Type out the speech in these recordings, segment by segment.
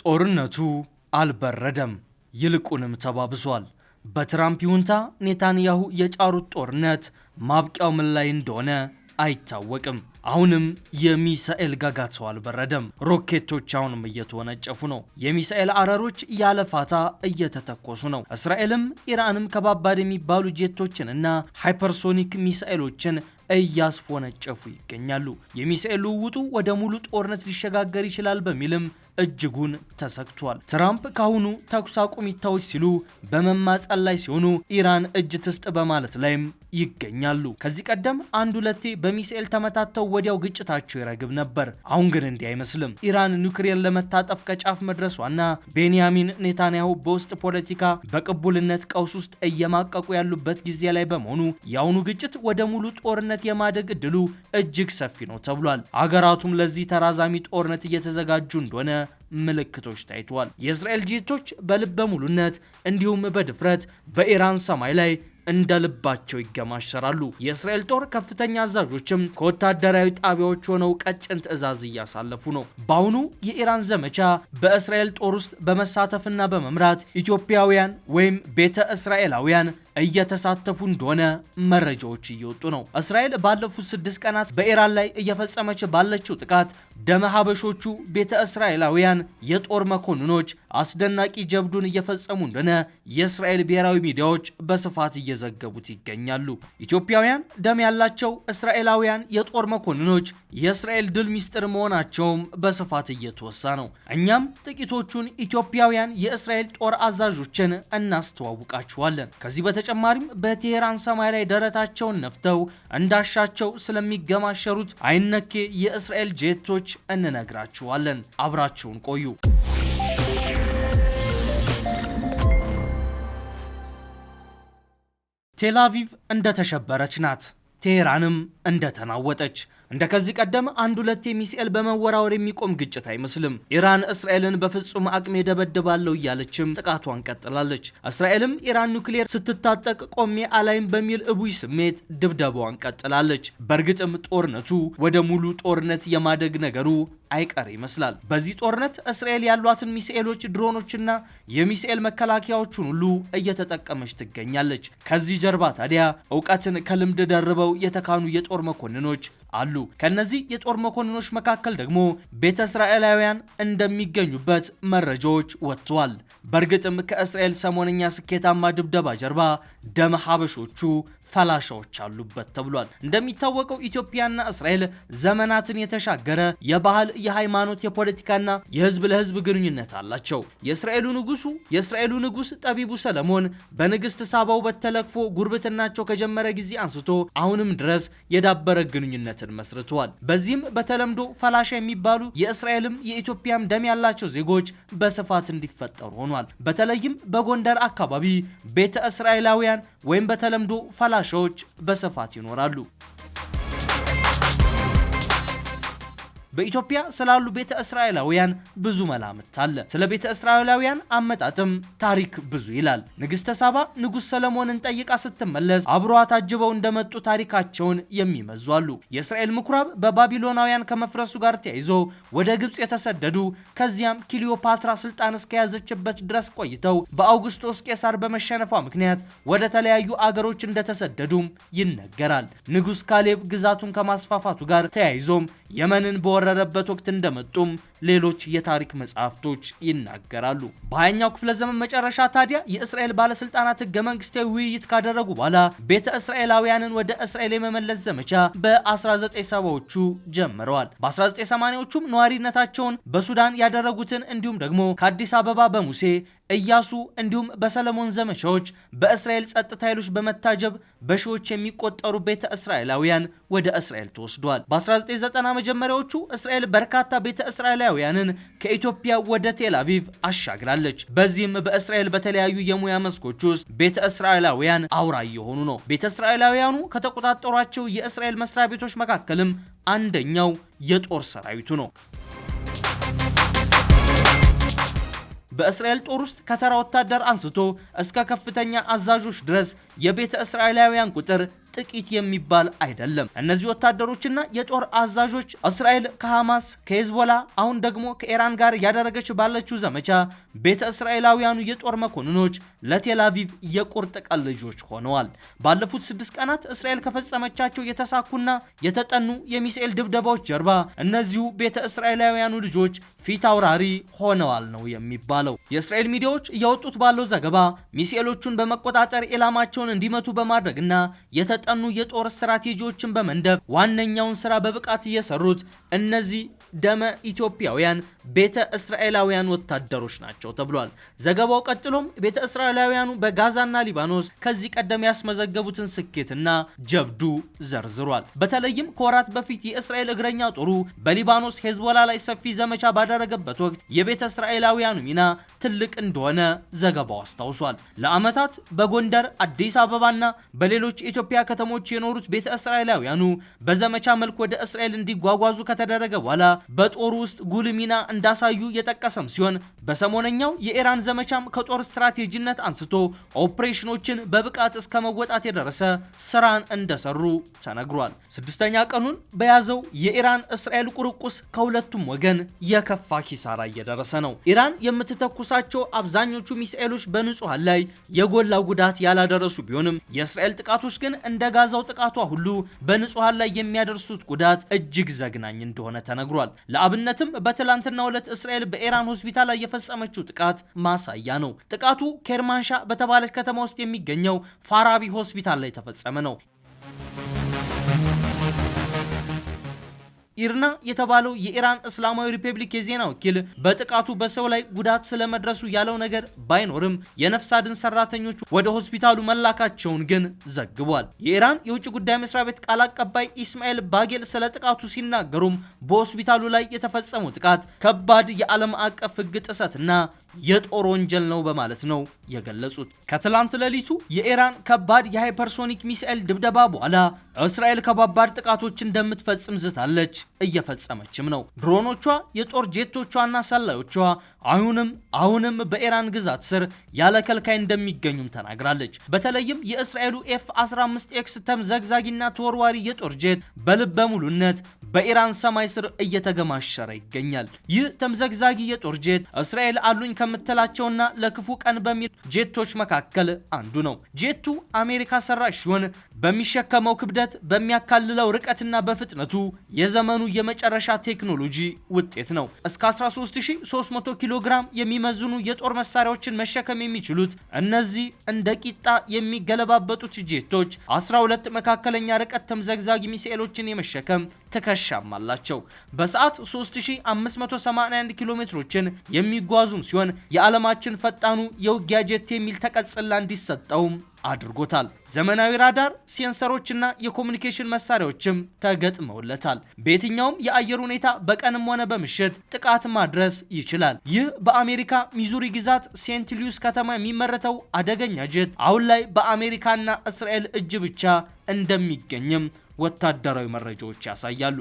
ጦርነቱ አልበረደም፣ ይልቁንም ተባብሷል። በትራምፕ ይሁንታ ኔታንያሁ የጫሩት ጦርነት ማብቂያው ምን ላይ እንደሆነ አይታወቅም። አሁንም የሚሳኤል ጋጋታው አልበረደም። ሮኬቶች አሁንም እየተወነጨፉ ነው። የሚሳኤል አረሮች ያለ ፋታ እየተተኮሱ ነው። እስራኤልም ኢራንም ከባባድ የሚባሉ ጄቶችንና ሃይፐርሶኒክ ሚሳኤሎችን እያስፎነጨፉ ይገኛሉ። የሚሳኤል ልውውጡ ወደ ሙሉ ጦርነት ሊሸጋገር ይችላል በሚልም እጅጉን ተሰግቷል። ትራምፕ ካሁኑ ተኩስ አቁም ይታወጅ ሲሉ በመማጸን ላይ ሲሆኑ ኢራን እጅ ትስጥ በማለት ላይም ይገኛሉ። ከዚህ ቀደም አንድ ሁለቴ በሚሳኤል ተመታተው ወዲያው ግጭታቸው ይረግብ ነበር። አሁን ግን እንዲህ አይመስልም። ኢራን ኒውክሌር ለመታጠፍ ከጫፍ መድረሷና ቤንያሚን ኔታንያሁ በውስጥ ፖለቲካ በቅቡልነት ቀውስ ውስጥ እየማቀቁ ያሉበት ጊዜ ላይ በመሆኑ የአሁኑ ግጭት ወደ ሙሉ ጦርነት የማደግ እድሉ እጅግ ሰፊ ነው ተብሏል። አገራቱም ለዚህ ተራዛሚ ጦርነት እየተዘጋጁ እንደሆነ ምልክቶች ታይተዋል። የእስራኤል ጄቶች በልበ ሙሉነት እንዲሁም በድፍረት በኢራን ሰማይ ላይ እንደ ልባቸው ይገማሸራሉ። የእስራኤል ጦር ከፍተኛ አዛዦችም ከወታደራዊ ጣቢያዎች ሆነው ቀጭን ትዕዛዝ እያሳለፉ ነው። በአሁኑ የኢራን ዘመቻ በእስራኤል ጦር ውስጥ በመሳተፍና በመምራት ኢትዮጵያውያን ወይም ቤተ እስራኤላውያን እየተሳተፉ እንደሆነ መረጃዎች እየወጡ ነው። እስራኤል ባለፉት ስድስት ቀናት በኢራን ላይ እየፈጸመች ባለችው ጥቃት ደመ ሀበሾቹ ቤተ እስራኤላውያን የጦር መኮንኖች አስደናቂ ጀብዱን እየፈጸሙ እንደሆነ የእስራኤል ብሔራዊ ሚዲያዎች በስፋት እየዘገቡት ይገኛሉ። ኢትዮጵያውያን ደም ያላቸው እስራኤላውያን የጦር መኮንኖች የእስራኤል ድል ሚስጥር መሆናቸውም በስፋት እየተወሳ ነው። እኛም ጥቂቶቹን ኢትዮጵያውያን የእስራኤል ጦር አዛዦችን እናስተዋውቃችኋለን። ከዚህ በተጨማሪም በቴሄራን ሰማይ ላይ ደረታቸውን ነፍተው እንዳሻቸው ስለሚገማሸሩት አይነኬ የእስራኤል ጄቶች እንነግራችኋለን። አብራችሁን ቆዩ። ቴላቪቭ እንደተሸበረች ናት። ቴሄራንም እንደተናወጠች እንደ ከዚህ ቀደም አንድ ሁለት የሚሳኤል በመወራወር የሚቆም ግጭት አይመስልም። ኢራን እስራኤልን በፍጹም አቅሜ ደበድባለሁ እያለችም ጥቃቷን ቀጥላለች። እስራኤልም ኢራን ኑክሌር ስትታጠቅ ቆሜ አላይም በሚል እቡይ ስሜት ድብደባዋን ቀጥላለች። በእርግጥም ጦርነቱ ወደ ሙሉ ጦርነት የማደግ ነገሩ አይቀር ይመስላል። በዚህ ጦርነት እስራኤል ያሏትን ሚሳኤሎች፣ ድሮኖችና የሚሳኤል መከላከያዎችን ሁሉ እየተጠቀመች ትገኛለች። ከዚህ ጀርባ ታዲያ እውቀትን ከልምድ ደርበው የተካኑ የጦር መኮንኖች አሉ። ከነዚህ የጦር መኮንኖች መካከል ደግሞ ቤተ እስራኤላውያን እንደሚገኙበት መረጃዎች ወጥቷል። በእርግጥም ከእስራኤል ሰሞነኛ ስኬታማ ድብደባ ጀርባ ደም ሀበሾቹ ፈላሻዎች አሉበት ተብሏል። እንደሚታወቀው ኢትዮጵያና እስራኤል ዘመናትን የተሻገረ የባህል፣ የሃይማኖት፣ የፖለቲካና የህዝብ ለህዝብ ግንኙነት አላቸው። የእስራኤሉ ንጉሱ የእስራኤሉ ንጉስ ጠቢቡ ሰለሞን በንግስት ሳባ ውበት ተለክፎ ጉርብትናቸው ከጀመረ ጊዜ አንስቶ አሁንም ድረስ የዳበረ ግንኙነትን መስርተዋል። በዚህም በተለምዶ ፈላሻ የሚባሉ የእስራኤልም የኢትዮጵያም ደም ያላቸው ዜጎች በስፋት እንዲፈጠሩ ሆኗል። በተለይም በጎንደር አካባቢ ቤተ እስራኤላውያን ወይም በተለምዶ ፈላሻዎች በስፋት ይኖራሉ። በኢትዮጵያ ስላሉ ቤተ እስራኤላውያን ብዙ መላምት አለ። ስለ ቤተ እስራኤላውያን አመጣጥም ታሪክ ብዙ ይላል። ንግሥተ ሳባ ንጉሥ ሰለሞንን ጠይቃ ስትመለስ አብሯ ታጅበው እንደመጡ ታሪካቸውን የሚመዙ አሉ። የእስራኤል ምኩራብ በባቢሎናውያን ከመፍረሱ ጋር ተያይዞ ወደ ግብፅ የተሰደዱ ከዚያም ክሊዮፓትራ ስልጣን እስከያዘችበት ድረስ ቆይተው በአውግስጦስ ቄሳር በመሸነፏ ምክንያት ወደ ተለያዩ አገሮች እንደተሰደዱም ይነገራል። ንጉሥ ካሌብ ግዛቱን ከማስፋፋቱ ጋር ተያይዞም የመንን በወረ በበረረበት ወቅት እንደመጡም ሌሎች የታሪክ መጽሐፍቶች ይናገራሉ። በሀያኛው ክፍለ ዘመን መጨረሻ ታዲያ የእስራኤል ባለስልጣናት ህገ መንግስታዊ ውይይት ካደረጉ በኋላ ቤተ እስራኤላውያንን ወደ እስራኤል የመመለስ ዘመቻ በ1970ዎቹ ጀምረዋል። በ1980ዎቹም ነዋሪነታቸውን በሱዳን ያደረጉትን እንዲሁም ደግሞ ከአዲስ አበባ በሙሴ ኢያሱ እንዲሁም በሰለሞን ዘመቻዎች በእስራኤል ጸጥታ ኃይሎች በመታጀብ በሺዎች የሚቆጠሩ ቤተ እስራኤላውያን ወደ እስራኤል ተወስዷል። በ1990 መጀመሪያዎቹ እስራኤል በርካታ ቤተ እስራኤላውያንን ከኢትዮጵያ ወደ ቴልአቪቭ አሻግራለች። በዚህም በእስራኤል በተለያዩ የሙያ መስኮች ውስጥ ቤተ እስራኤላውያን አውራ እየሆኑ ነው። ቤተ እስራኤላውያኑ ከተቆጣጠሯቸው የእስራኤል መስሪያ ቤቶች መካከልም አንደኛው የጦር ሰራዊቱ ነው። በእስራኤል ጦር ውስጥ ከተራ ወታደር አንስቶ እስከ ከፍተኛ አዛዦች ድረስ የቤተ እስራኤላውያን ቁጥር ጥቂት የሚባል አይደለም። እነዚህ ወታደሮችና የጦር አዛዦች እስራኤል ከሐማስ ከሄዝቦላ አሁን ደግሞ ከኢራን ጋር ያደረገች ባለችው ዘመቻ ቤተ እስራኤላውያኑ የጦር መኮንኖች ለቴላቪቭ የቁርጥ ቀን ልጆች ሆነዋል። ባለፉት ስድስት ቀናት እስራኤል ከፈጸመቻቸው የተሳኩና የተጠኑ የሚሳኤል ድብደባዎች ጀርባ እነዚሁ ቤተ እስራኤላውያኑ ልጆች ፊት አውራሪ ሆነዋል ነው የሚባለው። የእስራኤል ሚዲያዎች እያወጡት ባለው ዘገባ ሚሳኤሎቹን በመቆጣጠር ኢላማቸውን እንዲመቱ በማድረግና የተጠኑ የጦር ስትራቴጂዎችን በመንደፍ ዋነኛውን ስራ በብቃት እየሰሩት እነዚህ ደመ ኢትዮጵያውያን ቤተ እስራኤላውያን ወታደሮች ናቸው ተብሏል። ዘገባው ቀጥሎም ቤተ እስራኤላውያኑ በጋዛና ሊባኖስ ከዚህ ቀደም ያስመዘገቡትን ስኬትና ጀብዱ ዘርዝሯል። በተለይም ከወራት በፊት የእስራኤል እግረኛ ጦሩ በሊባኖስ ሄዝቦላ ላይ ሰፊ ዘመቻ ባደረገበት ወቅት የቤተ እስራኤላውያኑ ሚና ትልቅ እንደሆነ ዘገባው አስታውሷል። ለዓመታት በጎንደር አዲስ አበባና በሌሎች የኢትዮጵያ ከተሞች የኖሩት ቤተ እስራኤላውያኑ በዘመቻ መልክ ወደ እስራኤል እንዲጓጓዙ ከተደረገ በኋላ በጦሩ ውስጥ ጉልህ ሚና እንዳሳዩ የጠቀሰም ሲሆን በሰሞነኛው የኢራን ዘመቻም ከጦር ስትራቴጂነት አንስቶ ኦፕሬሽኖችን በብቃት እስከ መወጣት የደረሰ ስራን እንደሰሩ ተነግሯል። ስድስተኛ ቀኑን በያዘው የኢራን እስራኤል ቁርቁስ ከሁለቱም ወገን የከፋ ኪሳራ እየደረሰ ነው። ኢራን የምትተኩሳቸው አብዛኞቹ ሚሳኤሎች በንጹሐን ላይ የጎላ ጉዳት ያላደረሱ ቢሆንም የእስራኤል ጥቃቶች ግን እንደ ጋዛው ጥቃቷ ሁሉ በንጹሐን ላይ የሚያደርሱት ጉዳት እጅግ ዘግናኝ እንደሆነ ተነግሯል። ተናግረዋል። ለአብነትም በትላንትናው ዕለት እስራኤል በኢራን ሆስፒታል ላይ የፈጸመችው ጥቃት ማሳያ ነው። ጥቃቱ ኬርማንሻ በተባለች ከተማ ውስጥ የሚገኘው ፋራቢ ሆስፒታል ላይ ተፈጸመ ነው። ኢርና የተባለው የኢራን እስላማዊ ሪፐብሊክ የዜና ወኪል በጥቃቱ በሰው ላይ ጉዳት ስለመድረሱ ያለው ነገር ባይኖርም የነፍስ አድን ሰራተኞች ወደ ሆስፒታሉ መላካቸውን ግን ዘግቧል። የኢራን የውጭ ጉዳይ መስሪያ ቤት ቃል አቀባይ ኢስማኤል ባጌል ስለ ጥቃቱ ሲናገሩም በሆስፒታሉ ላይ የተፈጸመው ጥቃት ከባድ የዓለም አቀፍ ሕግ ጥሰትና የጦር ወንጀል ነው በማለት ነው የገለጹት። ከትላንት ሌሊቱ የኢራን ከባድ የሃይፐርሶኒክ ሚሳኤል ድብደባ በኋላ እስራኤል ከባባድ ጥቃቶች እንደምትፈጽም ዝታለች፣ እየፈጸመችም ነው። ድሮኖቿ፣ የጦር ጄቶቿና ሰላዮቿ አሁንም አሁንም በኢራን ግዛት ስር ያለ ከልካይ እንደሚገኙም ተናግራለች። በተለይም የእስራኤሉ ኤፍ 15 ኤክስ ተምዘግዛጊና ተወርዋሪ የጦር ጄት በልበ ሙሉነት በኢራን ሰማይ ስር እየተገማሸረ ይገኛል። ይህ ተምዘግዛጊ የጦር ጄት እስራኤል አሉኝ ከምትላቸውና ለክፉ ቀን በሚል ጄቶች መካከል አንዱ ነው። ጄቱ አሜሪካ ሰራሽ ሲሆን በሚሸከመው ክብደት በሚያካልለው ርቀትና በፍጥነቱ የዘመኑ የመጨረሻ ቴክኖሎጂ ውጤት ነው። እስከ 13300 ኪሎ ግራም የሚመዝኑ የጦር መሳሪያዎችን መሸከም የሚችሉት እነዚህ እንደ ቂጣ የሚገለባበጡት ጄቶች 12 መካከለኛ ርቀት ተምዘግዛጊ ሚሳኤሎችን የመሸከም ትከሻም አላቸው። በሰዓት 3581 ኪሎ ሜትሮችን የሚጓዙም ሲሆን የዓለማችን ፈጣኑ የውጊያ ጄት የሚል ተቀጽላ እንዲሰጠውም አድርጎታል። ዘመናዊ ራዳር ሴንሰሮችና የኮሚኒኬሽን መሳሪያዎችም ተገጥመውለታል። በየትኛውም የአየር ሁኔታ በቀንም ሆነ በምሽት ጥቃት ማድረስ ይችላል። ይህ በአሜሪካ ሚዙሪ ግዛት ሴንት ሉዊስ ከተማ የሚመረተው አደገኛ ጀት አሁን ላይ በአሜሪካና እስራኤል እጅ ብቻ እንደሚገኝም ወታደራዊ መረጃዎች ያሳያሉ።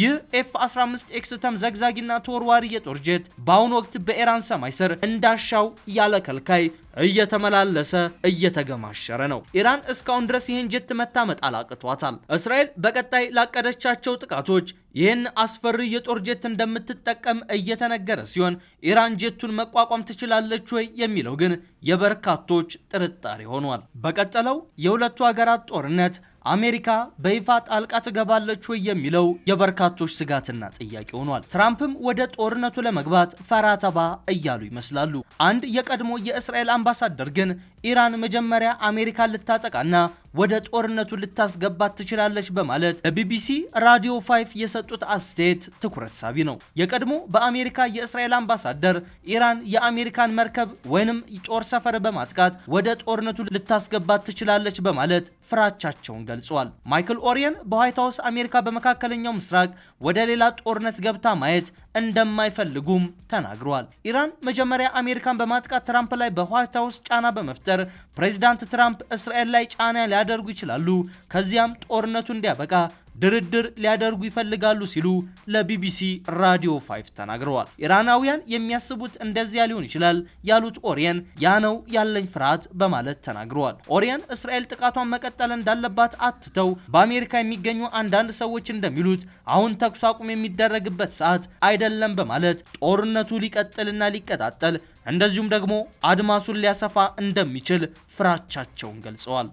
ይህ ኤፍ 15 ኤክስተም ዘግዛጊና ተወርዋሪ የጦር ጀት በአሁኑ ወቅት በኢራን ሰማይ ስር እንዳሻው ያለ ከልካይ እየተመላለሰ እየተገማሸረ ነው። ኢራን እስካሁን ድረስ ይህን ጀት መታመጥ አላቅቷታል። እስራኤል በቀጣይ ላቀደቻቸው ጥቃቶች ይህን አስፈሪ የጦር ጀት እንደምትጠቀም እየተነገረ ሲሆን ኢራን ጀቱን መቋቋም ትችላለች ወይ የሚለው ግን የበርካቶች ጥርጣሬ ሆኗል። በቀጠለው የሁለቱ ሀገራት ጦርነት አሜሪካ በይፋ ጣልቃ ትገባለች ወይ የሚለው የበርካቶች ስጋትና ጥያቄ ሆኗል። ትራምፕም ወደ ጦርነቱ ለመግባት ፈራተባ እያሉ ይመስላሉ። አንድ የቀድሞ የእስራኤል አምባሳደር ግን ኢራን መጀመሪያ አሜሪካን ልታጠቃና ወደ ጦርነቱ ልታስገባት ትችላለች በማለት ለቢቢሲ ራዲዮ 5 የሰጡት አስተያየት ትኩረት ሳቢ ነው። የቀድሞ በአሜሪካ የእስራኤል አምባሳደር ኢራን የአሜሪካን መርከብ ወይንም ጦር ሰፈር በማጥቃት ወደ ጦርነቱ ልታስገባት ትችላለች በማለት ፍራቻቸውን ገልጿል። ማይክል ኦሪየን በዋይት ሀውስ አሜሪካ በመካከለኛው ምስራቅ ወደ ሌላ ጦርነት ገብታ ማየት እንደማይፈልጉም ተናግረዋል። ኢራን መጀመሪያ አሜሪካን በማጥቃት ትራምፕ ላይ በዋይት ሀውስ ጫና በመፍጠር በመፍጠር ፕሬዚዳንት ትራምፕ እስራኤል ላይ ጫና ሊያደርጉ ይችላሉ። ከዚያም ጦርነቱ እንዲያበቃ ድርድር ሊያደርጉ ይፈልጋሉ ሲሉ ለቢቢሲ ራዲዮ ፋይፍ ተናግረዋል። ኢራናውያን የሚያስቡት እንደዚያ ሊሆን ይችላል ያሉት ኦሪየን ያ ነው ያለኝ ፍርሃት በማለት ተናግረዋል። ኦሪየን እስራኤል ጥቃቷን መቀጠል እንዳለባት አትተው በአሜሪካ የሚገኙ አንዳንድ ሰዎች እንደሚሉት አሁን ተኩስ አቁም የሚደረግበት ሰዓት አይደለም በማለት ጦርነቱ ሊቀጥልና ሊቀጣጠል እንደዚሁም ደግሞ አድማሱን ሊያሰፋ እንደሚችል ፍራቻቸውን ገልጸዋል።